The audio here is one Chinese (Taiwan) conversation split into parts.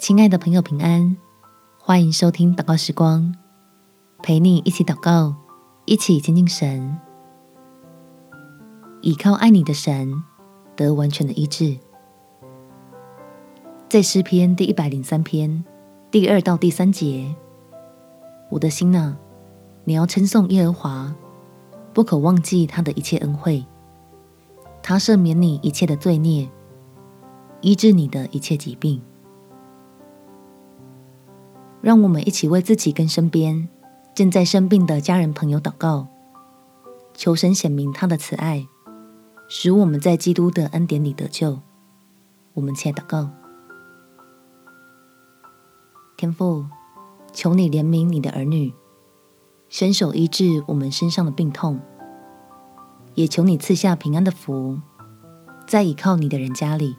親愛的朋友，平安！歡迎收聽禱告時光，陪你一起禱告，一起親近神，倚靠愛你的神，得完全的醫治。在詩篇第一百零三篇第二到第三節，我的心啊，你要稱頌耶和華，不可忘記他的一切恩惠，他赦免你一切的罪孽，醫治你的一切疾病。讓我們一起為自己跟身邊正在生病的家人朋友禱告，求神顯明他的慈愛，使我們在基督的恩典裡得救。我們且禱告：天父，求你憐憫你的兒女，伸手醫治我們身上的病痛，也求你賜下平安的福，在倚靠你的人家裡。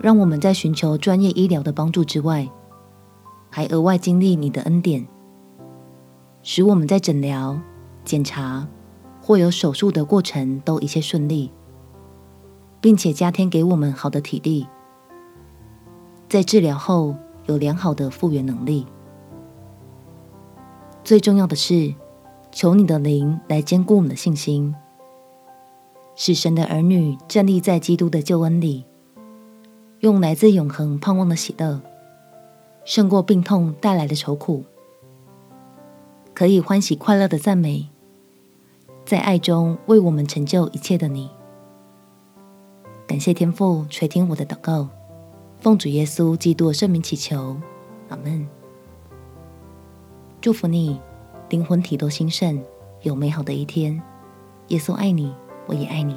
讓我們在尋求專業醫療的幫助之外，還額外經歷你的恩典，使我們在診療、檢查或有手術的過程都一切順利，並且加添給我們好的體力，在治療後有良好的復原能力。最重要的是，求你的靈來堅固我們的信心，使神的兒女站立在基督的救恩裡。用來自永恆盼望的喜樂，勝過病痛帶來的愁苦，可以歡喜快樂的讚美，在愛中為我們成就一切的你，感謝天父垂聽我的禱告，奉主耶穌基督聖名祈求，阿門。祝福你，靈魂體都興盛，有美好的一天。耶穌愛你，我也愛你。